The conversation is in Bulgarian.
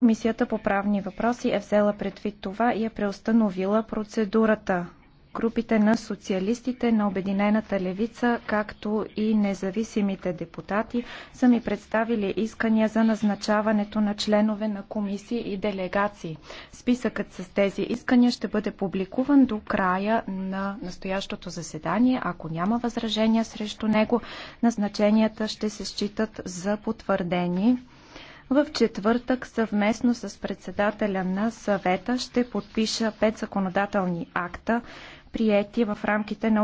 Комисията по правни въпроси е взела предвид това и е преустановила процедурата. Групите на социалистите на Обединената левица, както и независимите депутати, са ми представили искания за назначаването на членове на комисии и делегации. Списъкът с тези искания ще бъде публикуван до края на настоящото заседание. Ако няма възражения срещу него, назначенията ще се считат за потвърдени. В четвъртък съвместно с председателя на съвета ще подпиша пет законодателни акта, приети в рамките на